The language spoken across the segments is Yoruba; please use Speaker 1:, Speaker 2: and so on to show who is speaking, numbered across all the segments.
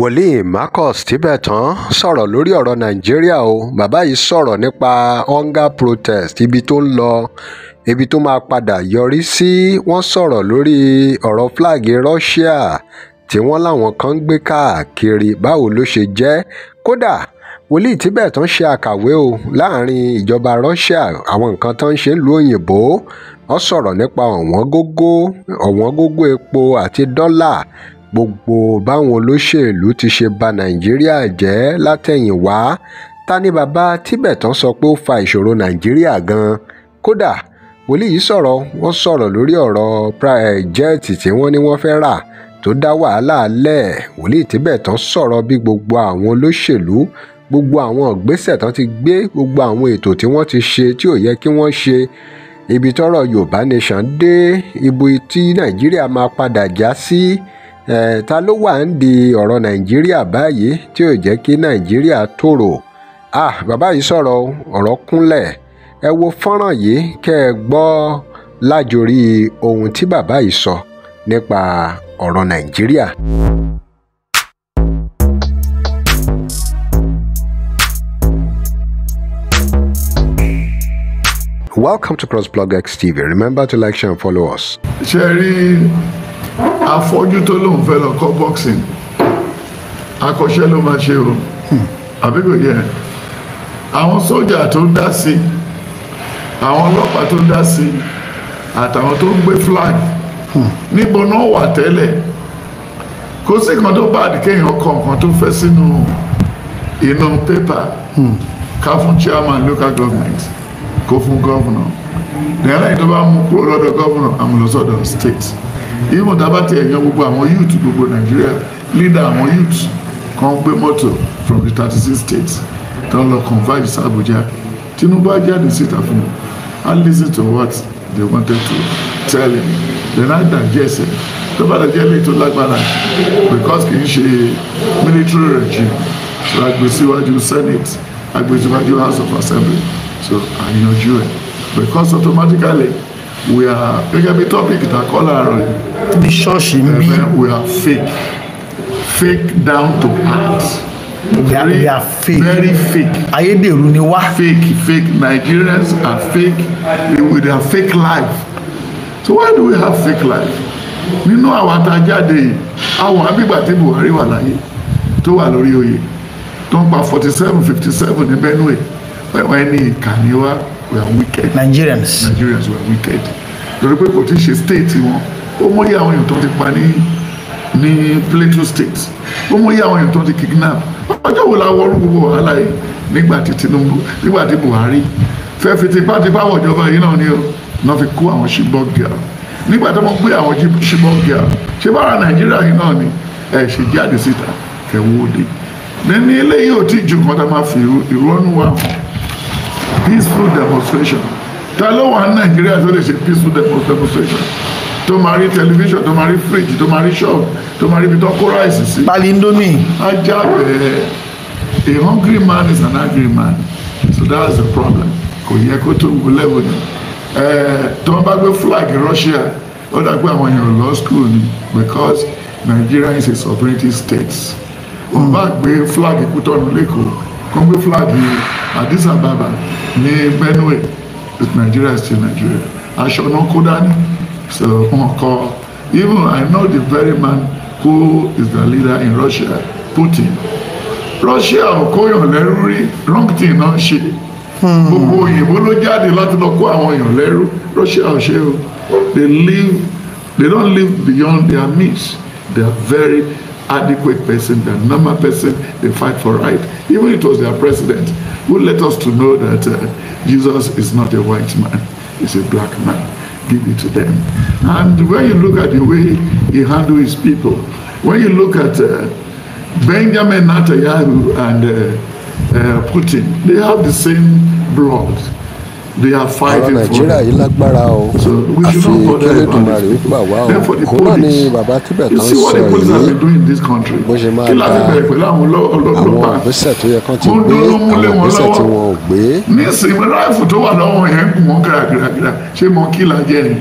Speaker 1: wòlíì marcus tíbẹ̀tán sọ̀rọ̀ lórí ọ̀rọ̀ nàìjíríà o bàbá yìí sọ̀rọ̀ nípa hunger protest ibi tó ń lọ ibi tó máa padà yọrí sí wọ́n sọ̀rọ̀ lórí ọ̀rọ̀ flag russia tí wọ́n láwọn kan ń gbé káàkiri báwo ló ṣe jẹ́ kódà wòlíì tíbẹ̀tán ṣe àkàwé o láàrin ìjọba russia àwọn nǹkan tó ń ṣe lu òyìnbó wọ́n sọ̀rọ̀ nípa ọ̀wọ́n gógó ọ̀wọ́n gógó epo àti dọ́là gbogbo báwọn olóṣèlú ti ṣe ba nàìjíríà jẹ́ látẹ̀yìnwá ta ni bàbá tíbẹ̀tàn sọ pé ó fa ìṣòro nàìjíríà gan-an kódà wòlíì yìí sọ̀rọ̀ wọ́n sọ̀rọ̀ lórí ọ̀rọ̀ jẹ́ẹ̀tì tí wọ́n ní wọ́n fẹ́ rà tó dá wàhálà lẹ̀ wòlíì tíbẹ̀tàn sọ̀rọ̀ bí gbogbo àwọn olóṣèlú gbogbo àwọn ìgbésẹ̀ tán ti gbé gbogbo àwọn ètò tí wọ́n ti ṣe tí ò yẹ kí wọ́n ṣe ibi tọ́rọ̀ yorùbá nation dé ibi tí nàìjíríà máa padà já sí si, Eh, ta ló wà ń di ọ̀rọ̀ nàìjíríà báyìí tí ò jẹ́ kí nàìjíríà tòrò ah bàbá yìí sọ̀rọ̀ ọ̀rọ̀ kúnlẹ̀ ẹ wo fọ́nrán yìí kẹ́ ẹ gbọ́ lájorí ohun tí bàbá yìí sọ nípa ọ̀rọ̀ nàìjíríà. Welcome to CrossBlogX TV. Remember to like, share, and follow us.
Speaker 2: Ṣé rí afọ́jú tó lóun fẹ́ lọ kọ́ boxing akọ́ṣẹ́ ló máa ṣe o hmm. àbí kò yẹ àwọn sójà tó dá sí àwọn ọlọ́pàá tó dá sí àtàwọn tó ń gbé flag hmm. níbo náà wà tẹ́lẹ̀ kò sí kan tó bá àdìkẹ́yìn ọkọ̀ nǹkan tó fẹ́ sínú inú pépà hmm. ká fún chairman local government kó fún governor ní aláìní tó bá mú kúrò lọ́dọ̀ governor àmúlọ́sọ̀dọ̀ state even tábà tí ẹ̀yàn gbogbo àwọn youth gbogbo nàìjíríà leader àwọn youth kan gbé mọ́tò from the thirty six states tó ń lọ converge sí Abuja Tinubu á jáde síta fún and I listen to what they wanted to tell him then I digest it tó bá dàjẹ́ lè tó lágbára because kì í ṣe military regime so agbèsíwájú Senate agbèsíwájú House of Assembly so àyànjú ẹ̀ because automatically we are gẹ́gẹ́ bí topic ta kọ́ láàárọ̀ yìí. bí ṣọ́ọ̀ṣì ń bí. we are fake fake down to heart. We are, very, we are fake. Very fake. Ayédèrú ni wá. Fake fake Nigerians are fake with their fake life. So why do we have fake life? Nínú àwọn atajáde yìí, àwọn abígbà tí Buhari wà láyé tó wà lórí oyè tó ń pa forty seven fifty seven ní Benue wọ́n ní ìkànnì wa we are wicked. Nigerians Nigerians we are wicked lórí pé kò tí ì ṣe state wọn ó mọyì àwọn èèyàn tó ti pa ní ní Plateau state ó mọyì àwọn èèyàn tó ti kidnap ọjọ́ wo la wọrú gbogbo wàhálà yìí nígbà tí Tinubu nígbà tí Buhari fẹ́ẹ́ fi tipátipá wọ̀jọba yìí náà ni o náà fi kó àwọn ṣùgbọ́n gíga nígbà tó mọ̀ pé àwọn ṣùgbọ́n gíga ṣé bára Nàìjíríà yìí náà ni ẹ̀ ṣe jáde síta kẹwọ́ òde ní ilé yìí ò tí ì ju nǹkan tá a máa fi ìrọ́nù wa hàn peaceful demonstration ta ló wà ní nàìjíríà tó lè ṣe peaceful demonstration tó máa rí tẹlifíṣàn tó máa rí fíríjì tó máa rí ṣọ́ọ̀bù tó máa rí ibi tó kó ráìsì sí. pali indomie. ajá bẹ́ẹ̀ a hungry man is an angry man so that's the problem kò yẹ kó tó wù lẹ́wọ̀n ni tó wọ́n bá gbé flag russia ó dàgbé àwọn èèyàn lọ school ni because nigeria is a sovereignty state wọ́n bá gbé flag kútọ́nù lẹ́kọ̀ọ́ kó gbé flag Addis Ababa ní Benue with Nigeria still Nigeria aṣọ náà kó dání so wọn kọ even I know the very man who is the leader in Russia Putin Russia ò kóyàn lẹ́rú rí wrong thing náà ṣe hmm. gbogbo òyìnbó ló jáde láti lọ kó àwọn èèyàn lẹ́rú Russia ò ṣe o they live they don't live beyond their means they are very adequate person the normal person they fight for right. Even it was their president who let us to know that uh, Jesus is not a white man, he's a black man. Give it to them. And when you look at the way he handled his people, when you look at uh, Benjamin Netanyahu and uh, uh Putin, they have the same
Speaker 1: blood. they are fighting for it. nàìjíríà yìí lágbára o àfi kẹlẹ́dùnmarè ó gbà wá o kó náà ni bàbá Tibetan sọ èyí bó ṣe máa da
Speaker 2: àwọn
Speaker 1: ìgbésẹ̀ tó yẹ kán ti gbé àwọn ìgbésẹ̀ tí wọn ò gbé. nísìnyí ráìfù tó
Speaker 2: wà lọ́wọ́ yẹn ń gùn wọ́n kìràkìrà ṣé mo kí la jẹ́ ni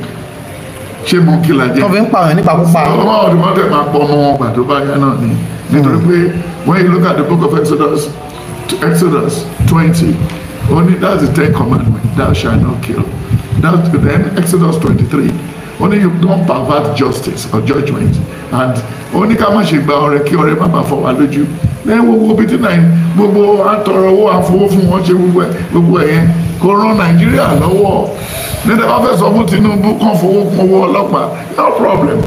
Speaker 2: ṣé mo kí la jẹ́. wọ́n fi ń pààyàn nípakúpa. ọmọ ọdún mọ́tẹ́ máa pọ̀ ọmọ wọn gbàdúrà báyà náà ni hmm. nítorí pé when you look at the book of Exodus, Exodus twenty Only that's the Ten Commandment. Thou shalt not kill. That, then Exodus 23. Only you don't pervert justice or judgment. And only come and ṣe gba ọrẹ kí ọrẹ má bàa fọ́ wa lójú. Lẹ́yìn gbogbo bíi tí náà gbogbo àtọrọ owó àfowó fún wọn ṣe gbogbo ẹ̀ gbogbo ẹ̀ yẹn kò ran Nàìjíríà lọ́wọ́. Nígbà wọ́n fẹ́ sọ fún Tinubu kàn fowó kún owó ọlọ́pàá no problem.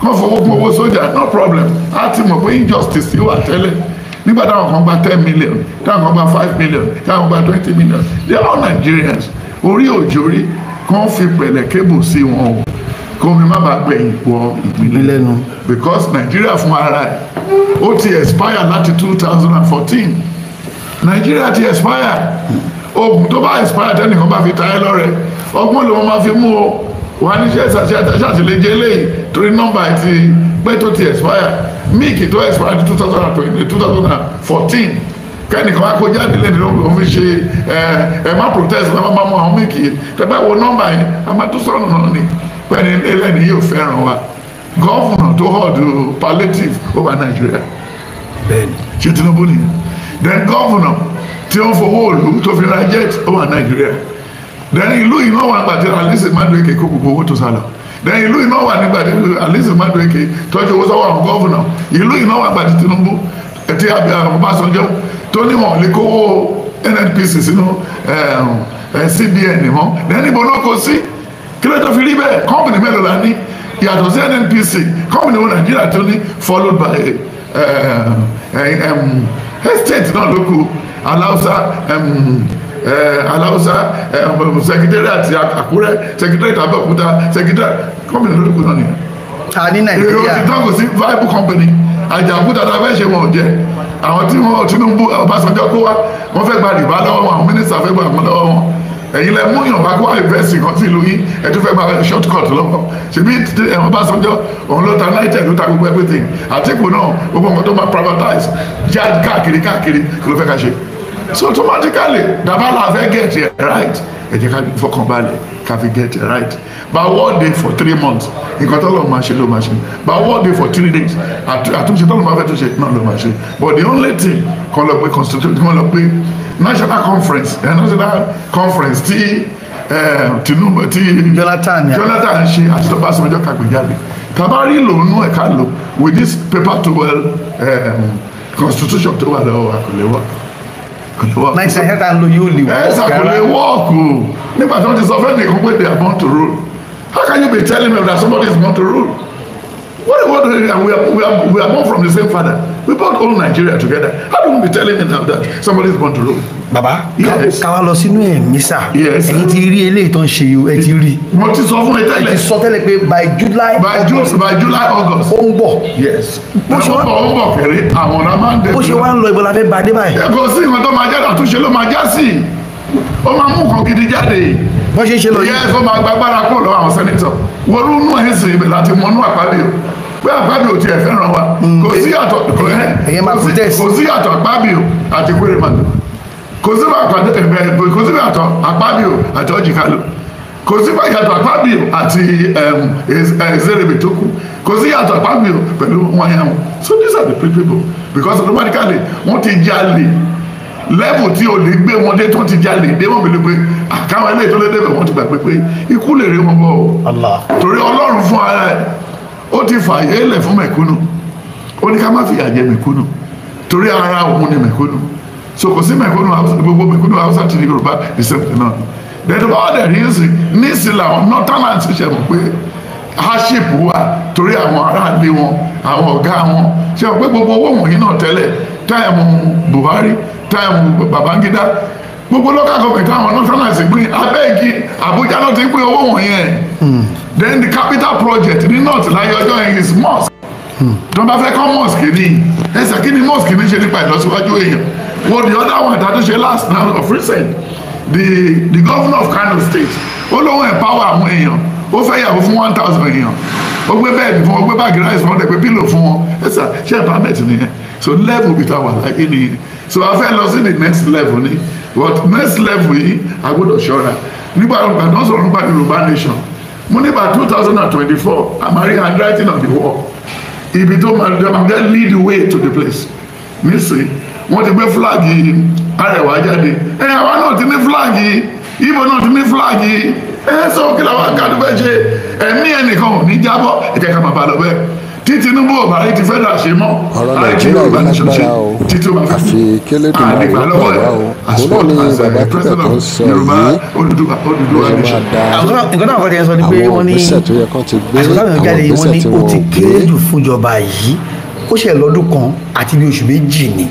Speaker 2: Come for work. owó sójà no problem. A ti mọ̀ pé injustice You are telling nígbà táwọn kan gba ten million táwọn kan gba five million táwọn gba twenty million they are all Nigerians orí òjòrí kan fi pẹ̀lẹ́ kébù sí wọn o kọ́mi má bàa gbẹ̀yìn wọ ìpínlẹ̀ nu because Nigeria fún ara ẹ̀ ó ti expire láti two thousand and fourteen Nigeria ti expire oògùn tó bá expire tẹ́nìkan bá fi ta ẹ́ lọ́rẹ̀ ọgbọ́n lòun máa fi mú o wà á ní ṣe ṣàṣàṣàṣàṣàlẹ̀ jẹ́ lẹ́yìn torí nọ́mbà ti pẹ́ tó ti expire míìkì tó expire ní two thousand and twenty two thousand and fourteen kẹ́nìkan wá kó jáde lẹ́nu ló ń fi ṣe ẹ ẹ má protest náà má mú àwọn míìkì yẹn tẹ́gbà wo nọ́mbà yẹn a máa tún sọ̀rọ̀ náà ni pẹ́ẹ́ni ẹlẹ́ni yóò fẹ́ràn wa gọ́ọ̀fùnà tó họ̀dù palliative over Nigeria ṣé Tinubu ni then gọ́ọ̀fùnà tí ó ń fowó òlu tó fi ra jet over Nigeria then ìlú yìí náà wà gbàdúrà lẹ́sẹ̀ má lóye kékeré gbogbo owó tó sá lọ then ìlú iná wà nígbà tí alice madueke tọ́jú owó sọ́wọ́ àwọn gọ́vùnà ìlú iná wà gbàdí tinubu ẹtí ọbásanjọ́ tó ní wọn lè kówó nnpc sínú cbn mọ́ then níbo ló kó sí kí ló tó fi rí bẹ́ẹ̀ kọ́mpìnì mélòó la ní yàtọ̀ sí nnpc kọ́mpìnì wo nàìjíríà tó ní followed by estate náà ló kù aláùsá. Eh, aláwùsá eh, sẹkítẹ́rì àti àkúrẹ́ sẹkítẹ́rì tàbẹ́òkúta sẹkítẹ́rì kọ́mìnì lórúkọ náà nìyẹn. ta ní nàìjíríà èrò eh, ti tán kò sí viable company àjàkúta tá a fẹ́ ṣe wọn ò jẹ àwọn tí wọn Tinubu Ọbásanjọ́ kó wa wọn fẹ́ gba rìbá lọ́wọ́ wọn àwọn mínísítà fẹ́ gba àwọn lọ́wọ́ wọn ẹ̀yin lẹ mú yàn bá kó àìfẹ́sì kan sí ìlú yìí ẹ tún fẹ́ gba short cut lọ́wọ́ ṣèbí ẹ̀wọ̀n bá sọjọ́ òun ló ta náírà ló ta gbogbo everything Àtìkù náà gbogbo nǹkan tó máa privatize jáde káàkiri káàkiri kí ló fẹ́ ká ṣe so automatically the dabala have get it right ẹ jẹ́ ká fọkànbalẹ̀ ká fi get it right But one day for three months he got all máa ṣe ló máa ṣe one day for three days àtúnṣe tó lọ́ọ́ máa fẹ́ tó ṣe náà ló máa ṣe but the only thing kọ́ lọ constitution kọ́ national conference eh, national conference T, T eh, Tinubu Jonathan Jonathan she àti the bá sọ ọjọ́ kàgbéjáde tabari lòun nú ẹ̀ka lò with this paper towel um, constitution tó wà lọ́wọ́ àkọlẹ́wọ́ ninety nine hectare ló yóò lè wọ́ọ̀kù. ẹ̀sà kò lè wọ́ọ̀kù nígbà tí wọ́n ti sọ fẹ́ẹ́ nìkan pé they are born to rule how can you be telling me that somebody is born to rule what do we are we are we are born from the same father. We brought all Nigeria together. How do we be telling him now that somebody is going to rule? Baba, yes. ká wá lọ sínú ẹ̀mí sà. Yes. Ẹ̀yin ti rí eléyìí tó ń ṣe yìí o, ẹ ti rí. Mo ti sọ fún ẹ tẹ́lẹ̀. Ẹ ti sọ tẹ́lẹ̀ pé by July by August. By July August. Ó ń bọ̀. Yes. Bó ṣe wá ń bọ̀ ó ń bọ̀ fèrè àwọn ọ̀nà máa ń dẹ̀. Bó ṣe wá ń lọ ìbọ̀lá fẹ́ ba dé báyìí. Ẹ̀kọ́ sí ìwọ̀n tó máa jáde àtúnṣe ló máa já sí. Ó máa mú nǹkan gidi jáde. Bó ṣe ṣe lọ yìí. Yẹ́n tó pé àbábí ò tiẹ̀ fẹ́ràn wa hmm. kò sí àtọ̀ kò sí àtọ̀ àbábí ò àti kúrèmàdù kò sí àtọ̀ àbábí ò àti ọ̀jìkálù kò sí ìyàtọ̀ àpábí ò àti eh, ezerebe tó kù kò sí ìyàtọ̀ àpábí ò pẹ̀lú wọn wọn so these are the three people because automatically wọ́n ti jalè lẹ́bù tí o lè gbé wọn dé tó ti jalè dé wọn bèlè pé àkáwọn ah, eléyìí tó lé débẹ̀ wọ́n ti gbà pé pé ikú lè rí wọn bọ̀ o torí ọlọ́run fún ara ẹ̀ ó ti fààyè lẹ̀ fún mẹ̀kúnnù ó ní ká má fìyà jẹ mẹ̀kúnnù torí ara òun ni mẹ̀kúnnù so kò sí mẹ̀kúnnù gbogbo mẹ̀kúnnù Hausa ti di Yorùbá the same thing náà dẹ́tù bá ọ̀dẹ̀ rí sí níìsì làwọn northernland ṣiṣẹ́ mọ̀ pé hardship wà torí àwọn aráàlú wọn àwọn ọ̀gá wọn ṣe wọ́n pé gbogbo owó wọ̀nyí náà tẹ́lẹ̀ táìmù Buhari táìmù Babangida gbogbo local government àwọn northernland gbìn abẹ́ẹ̀gì Abuja náà ti gbìn owó wọ̀nyẹn then the capital project ní north láyé ọjọ́ yẹn is mosque tó bá fẹ́ kọ́ mosque ni ẹsẹ̀ kí ni mosque ní ṣe nípa ìlọsíwájú èèyàn wo the other one that ṣe last now of recent the the governor of Kano state ó lóun empower àwọn èèyàn ó fẹ́ yàwó fún one thousand èèyàn ó gbé bẹ́ẹ̀dì fún wọn ó gbé báàgì ráìsì fún wọn dẹ̀ pé pílò fún wọn ẹsẹ̀ ṣe ìpamẹ́tì nìyẹn so level bi our like láyé nìyẹn so a fẹ́ lọ sí the next level ni but next level yìí a gbọ́dọ̀ ṣọ́ra nígbà yorùbá náà sọ̀rọ̀ nípa yorùbá nation mo ní by two thousand and twenty-four i'm already handwriting on the wall ibi tó máa dé máa lead the way to the place nísìn wọ́n ti gbé fúláàgì Arewa jáde ẹ̀ àwa náà ti ní fúláàgì Ìgbò náà ti ní fúláàgì ẹ sọ kí làwọn akadé fẹ́ ṣe ẹ̀mí ẹnìkan ò ní jábọ́ ìjẹ́ ká máa bá lọ bẹ́ẹ̀ tí Tinubu ò bá rí ti fẹ́ dà ṣe mọ́
Speaker 1: ọ̀rọ̀ Nàìjíríà yìí lágbára o àfi kélédè máa ń pọ̀ wá o òun náà ni bàbá pípẹ́ tó ń sọ yìí ló máa da àwọn ògbésẹ̀ tó yẹ kán ti gbé àwọn ògbésẹ̀ tí wọ́n gbé. fúnjọba yìí ó ṣe lọ́dún kan àti bí oṣù méjì ni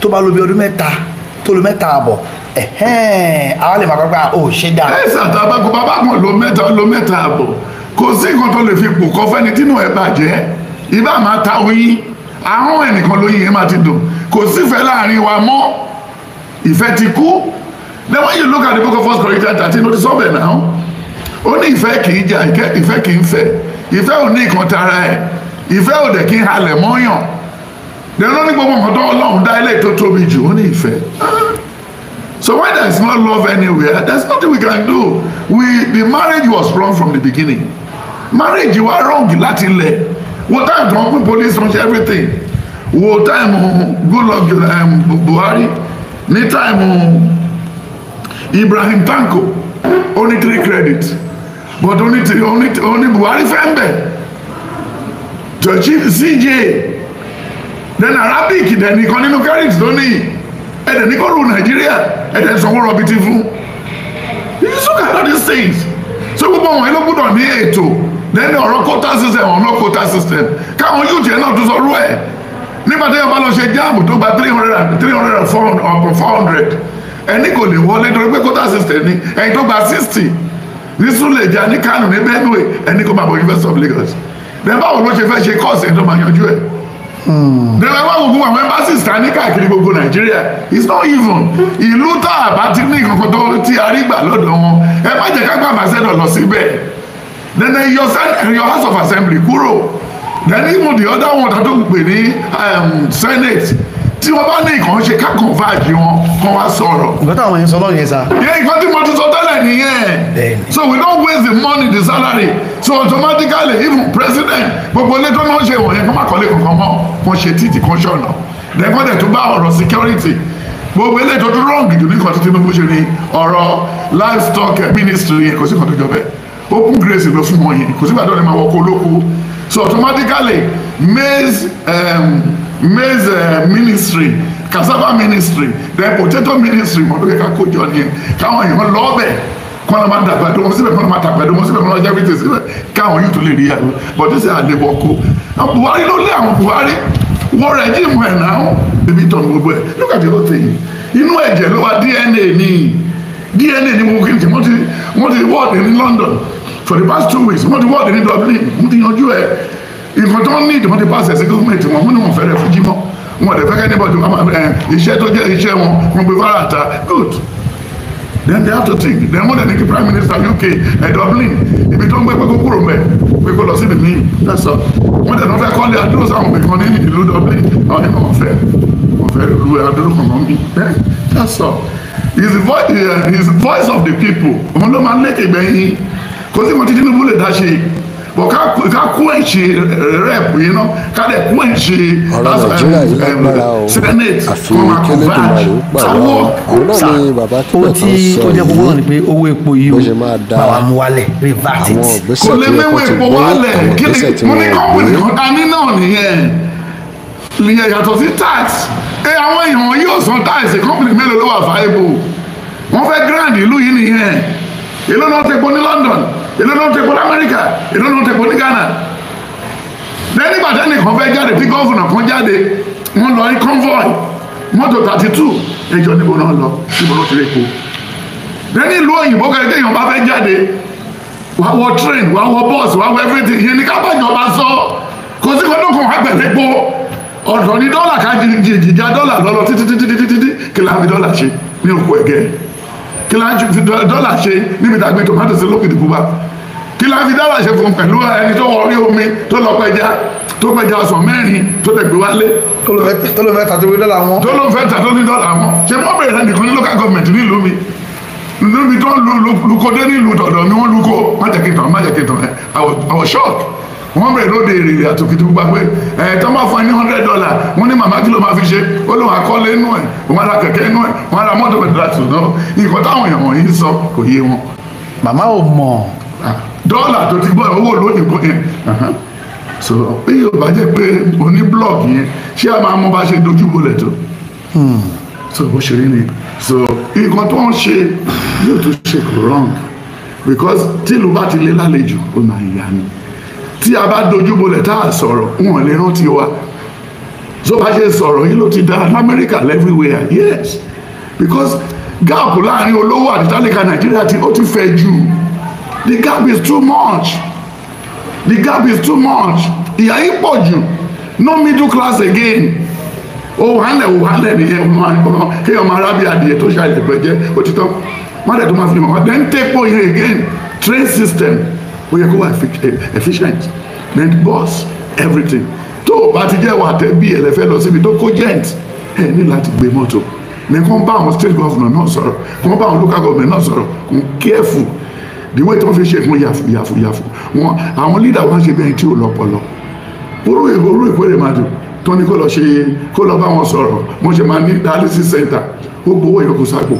Speaker 1: tó bá lò bí ọdún mẹ́ta tó lò mẹ́ta àbọ̀ àwọn lè máa gbọ́ pé ò ṣe dà. ẹ ṣàtà bá kó bàbá
Speaker 2: kan lo mẹ́ta lo mẹ́ta àbọ̀ kò sí nǹkan tó lè fi pò kọ́ fẹ́ni tínú ẹ̀ bàjẹ́ ibà máa ta oyin àwọn ẹnìkan lóyin yẹn máa ti dùn kò sífẹ̀ẹ́ láàrin wa mọ́ ìfẹ́ ti kú Then when you look at the book of First Corinthians thirteen o ti sọ bẹ́ẹ̀ náà ó ní ìfẹ́ kì í jà ìfẹ́ kì í fẹ́ ìfẹ́ ò ní ìkan tara ẹ̀ ìfẹ́ ò dẹ̀ kí n halẹ̀ mọ́yàn lẹ́nu ní gbogbo nǹkan tó Ọlọ́run dá ilé tó tóbi jù ó ní ìfẹ́ So when there is no love anywhere, there's nothing we can do. We the marriage was wrong from the beginning. Marriage you are wrong láti ilẹ̀. What time kan police run everything. What time Goodluck um, Buhari ní time Ibrahim Tanko only three credits, but only three only only Buhari fẹ́ ń bẹ̀. To achieve CJ then Arabic then ìkan nínú credit ló ní Then ní can ru Nigeria ẹ tẹ sanwó rọbìtì fún you look at all these things so gbogbo àwọn yẹn ló gbọ́dọ̀ ní ètò lẹ́nu ọ̀rọ̀ quota system ọ̀nà quota system káwọn yóò jẹ́ náà tó sọ rú ẹ̀ nígbà tó yẹ bá lọ ṣe jáàmù tó gba three hundred and three hundred and four hundred ọ̀pọ̀ four hundred ẹni kò lè wọlé torí pé quota system ni ẹni tó gba sixty nísún lè jà ní Kánò ní Benue ẹni kò máa bọ̀ University of Lagos bẹ́ẹ̀ báwo ló ṣe fẹ́ ṣe course ẹ̀ tó máa yanjú ẹ̀ dẹ̀rẹ̀ wá ogun àwọn embassies ta ní káàkiri gbogbo nàìjíríà it's not even ìlú tá a bá ti ní kankan tó ti arígbà lọ́dọ̀ wọn ẹ má jẹ́ ká gba ambassador lọ síbẹ̀ then your senate your house of assembly kúrò then even the other one ta tó pè ní um, senate tí wọ́n bá ní nǹkan ṣe kákan fàájì wọn kan wá sọ̀rọ̀. nǹkan táwọn yẹn sọ lọ́rùn yẹn sá. yẹ nǹkan tí mo ti sọ tẹ́lẹ̀ nìyẹn. so we don't waste the money the salary so automatically even president gbogbo ilé tó náà ṣe wọ̀nyẹn kó má kọ́lé kankan mọ́ kó ṣe títì kó ṣọ̀nà lẹ́kọ́ dẹ̀ tó bá ọ̀rọ̀ security gbogbo ilé tó tó rọ̀ǹgì jù nìkan tó Tinubu ṣe ni ọ̀rọ̀ livestock ministry yẹn kò sí kan tó jọ bẹ́ẹ̀ open grace ló fún wọn yẹn kò sígbà tó lè máa wọ kó so automatically maize um, maize uh, ministry cassava ministry then potato ministry mọ̀ lókè ká kójọ ni káwọn èèyàn lọ ọbẹ̀ kí wọ́n máa dàgbà dùn wọ́n síbẹ̀ kí wọ́n máa dàgbà dùn wọ́n síbẹ̀ kí wọ́n máa jáwé tèsí rẹ̀ káwọn yóò tó lè rí ẹ̀rọ bọ́dé sí àlebọ̀ kó àwọn buhari ló lé àwọn buhari wọ́n rẹ̀ jí ìmọ̀ ẹ̀ náà bíbí tọ̀ gbogbo ẹ̀ lókè àti ló tẹ̀yìn inú ẹ̀jẹ̀ ló wá dna ní dna ní gbogbo kìnìkì wọ́n ti wọ́ọ̀dì ní london for the past two weeks wọ́n ti wọ́ọ̀dì ní dublin wọ́n ti yanjú ẹ̀ nǹkan tó ń ní ìdìbò ti pàṣẹ sí gọ́ọ̀mẹ̀ntì wọn mú ni wọn fẹ́rẹ̀ fún jímọ̀ wọn lè fẹ́kẹ́ níbọ̀ iṣẹ́ tó jẹ́ iṣẹ́ wọn wọn gbé fara ta good then they have to think then wọ́n dẹ̀ ní kí prime minister UK ẹ̀ eh, Dublin ibi tó ń gbé pẹ́kọ́ kúrò mẹ́ pẹ́kọ́ lọ síbi míì lẹ́sọ̀ wọ́n dẹ̀ ní wọ́n fẹ́ kọ́lé adúró sáwọn òbíkan ní ìlú Dublin àwọn ẹ̀kọ́ wọn fẹ́ wọn fẹ́ lu adúró kan mọ́ eh, That's all. his voice his eh, voice of the people òun ló máa ń lékè gbẹ̀yìn kò sí mo ti Tinubu lè dá ṣe bọ̀ ká kúẹ̀nsì rep yìí ná ká dẹ̀ kúẹ̀nsì um,
Speaker 1: senate kọ́mà kọ́báàjì sáwọ́ sá. o ti tó jẹ́ gbogbo náà ni pé owó epo yìí o bàbá mú wálẹ̀ revert it. kò lè mẹ́wọ́ epo wálẹ̀ kí ni mo ní kọ́pìnì kan
Speaker 2: dání náà nìyẹn nìyẹn yàtọ̀ sí tax ẹ àwọn èèyàn yóò san tax kọ́pìnì mélòó ló wà fáyébò wọ́n fẹ́ grand ìlú yìí nìyẹn èló náà ti gbọ́ ní London iná ló ń tepo lamẹ́ríkà iná ló ń tepo ní Ghana lẹ́yìn ìgbà tẹ́nì kan fẹ́ jáde tí gọ́ọ̀fùnà kan jáde wọ́n lọ ní convoy mọ́tò thirty two ẹjọ́ níbo náà lọ níbo ló ti rí epo lẹ́yìn ìlú òyìnbó kẹ́kẹ́ èèyàn bá fẹ́ jáde wàá wọ train wàá wọ bus wàá wọ everything yẹn ní kábàjọba sọ kò sí kọ́ńtò kan wá pẹ̀lú epo ọ̀dọ̀ ní dọ́là ká jìjà dọ́là lọ́lọ́ títí títí títí kí láàbí dọ́là ṣe ní òkú ẹ̀gẹ́ kí la fi dọ́là ṣe níbi tàgbé tomato sí lókè dìbò bá kí la fi dọ́là ṣe fún pẹ̀lú ẹni tó wọ orí omi tó lọ pẹja tó pẹja ọsàn mẹ́rin tó tẹ̀ gbé wálé. tó ló fẹ́ tà tó ní dọ́là wọn. tó ló fẹ́ tà tó ní dọ́là wọn ṣé wọ́n bẹ̀rẹ̀ rẹ nìkan ní local government nílùú mi níbi tó ń lu lukodé nílùú tọ̀dọ̀ mi wọ́n luko májèkìtàn májèkìtàn I was shocked wọ́n bẹ̀rẹ̀ lóde èrè àtòkè tó gbà pé ẹ̀ máa fún ẹ ní hundred dollar wọ́n ní màmá kí máa fi ṣe ó lóun akọ́lé inú ẹ̀ wọ́n ra kẹ̀kẹ́ inú ẹ̀ wọ́n ra mọ́tò bẹ̀rẹ̀ láti lọ nǹkan táwọn èèyàn wọ̀nyí sọ kò yé wọn. màmá ò mọ̀. Ah, dọ́là tó ti gbọ́ owó lónìí kò yẹn so bí yóò bá jẹ́ pé oní blọọkì yẹn ṣé a máa mọ bá ṣe dojú bolẹ̀ tó hmm. so bó ṣe rí ni so nǹkan tó ń ṣe yóò tún ṣe kò wrong because tí ìlú bá ti lé lálejò ó máa yá ni tí a bá dojúbolẹ̀ tá a sọ̀rọ̀ wọn lè rántí wa so bá ṣe sọ̀rọ̀ yìí ló ti dára lamẹ́ríkà everywhere yes because gap láàrin olówó àti tálíkà nàìjíríà ti ó ti fẹ̀ jù the gap is too much the gap is too much ìyà yìí pọ̀ jù no middle class again òhánlẹ̀ òhánlẹ̀ nìyẹn kéèyàn máa rábí adìyẹ tó ṣàlẹ̀ pẹ̀jẹ́ òtítọ́ má dẹ̀ tó máa fi mọ̀ wá then take point again train system ó yẹ kó wà e, efficient then boss everything tó o bá ti jẹ́ wà tẹ́ bí ẹlẹ́fẹ́ lọ síbi tó kó gent ẹ ní láti gbé mọ́tò ní kó ń bá àwọn state government, náà sọ̀rọ̀ kó ń bá àwọn local government náà sọ̀rọ̀ kó ń careful the way tí wọ́n fi ṣe fún yàfù yàfù yàfù wọn àwọn leader wọn ṣe bẹ́ẹ̀ tí ò lọ́pọ̀lọ́ orú ìhòòrò ìkórè máa dùn tó ní kó lọ ṣe kó lọ bá wọn sọ̀rọ̀ wọ́n ṣe máa ní dialysis center ó gbowó ìyókù sápò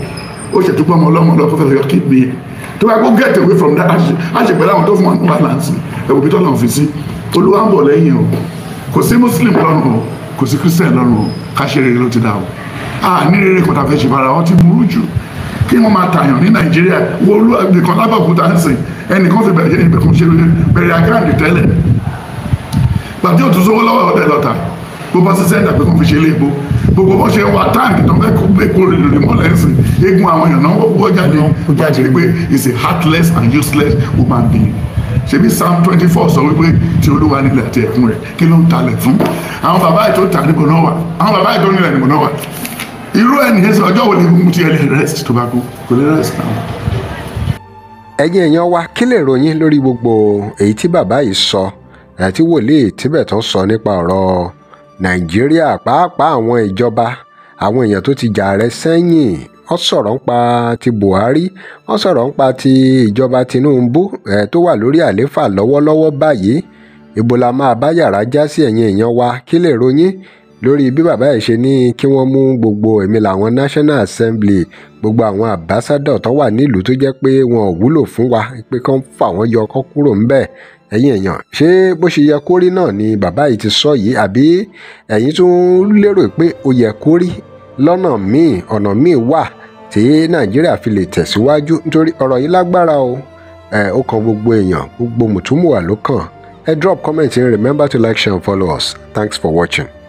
Speaker 2: ó ṣètúpọ̀ ọmọ ọlọ́mọ lọ́kọ́ fẹ́ lọ́ọ́ kidney tó bá kó get away from that àṣẹ pẹ̀lú àwọn tó fún wa ní balance ẹ̀wò bí tọ́lá òfin sí olúwa ń bọ̀ lẹ́yìn o kò sí muslim lọ́rùn o kò sí christian lọ́rùn o ká ṣe rere ló ti dá o a ní rere kọ̀tà fẹ́ ṣe fara wọn ti burú jù kí wọ́n máa tààyàn ní nàìjíríà wo olú ẹnìkan lábàkúta ń sìn ẹnìkan fi bẹ̀rẹ̀ ìbẹ̀kún ṣe bẹ̀rẹ̀ àgáàdì tẹ́lẹ̀ gbàdí òtún sówó lọ́wọ́ ọ̀dẹ̀ lọ́ta bó bá ṣiṣẹ́ ìdàgbẹ́kùn fi ṣe ilé epo gbogbo bó ṣe wà táǹkì tó fẹ́ kó gbé rìn mọ́lẹ̀ ẹ̀sìn eégún àwọn èèyàn náà wọ́ jáde wọ́n ti pé is a heartless and useless woman being ṣebí psalm twenty four sọ wípé tí olúwa nílẹ̀ àti ẹ̀kún rẹ̀ kí ló ń talẹ̀ fún àwọn bàbá ètò ìta níbo náà wà àwọn bàbá ètò ìrìnlẹ̀ níbo náà wà irú ẹni yẹn sọ ọjọ́ wo ni mo ti ẹ lè
Speaker 1: rest tó bá kú kò lè rest náà. ẹ̀yin èèyàn wa kí lè ròyìn lórí gbogbo èyí tí bàbá yìí sọ àti wòlíì tíbẹ̀ tó sọ nípa ọ̀rọ̀ nàìjíríà pàápàá àwọn ìjọba àwọn èèyàn tó ti jà rẹ sẹ́yìn wọ́n sọ̀rọ̀ nípa ti buhari wọ́n sọ̀rọ̀ nípa ti ìjọba tinubu ẹ̀ tó wà lórí àlééfà lọ́wọ́lọ́wọ́ báyìí ibo la máa bá yàrá já sí ẹ̀yìn èèyàn wa kí lè ròyìn lórí bí bàbá ẹ̀ ṣe ní kí wọ́n mú gbogbo èmi làwọn national assembly gbogbo àwọn ambassador tó wà nílùú tó jẹ́ pé wọn ò wúlò fún wa pé kán fà wọ́n yọ kán kúrò ńbẹ̀ ẹ̀yin èèyàn ṣé bó ṣe yẹ kó rí náà ni bàbá yìí ti sọ yìí àbí ẹ̀yin tún lérò pé ó yẹ kó rí lọ́nà míì ọ̀nà míì wà tí nàìjíríà fi lè tẹ̀síwájú nítorí ọ̀rọ̀ yìí lágbára o ẹ̀ ó kan gbogbo èèyàn gbogbo mùtúmùwà ló kàn ẹ drop comment and remember to like share and follow us thanks for watching.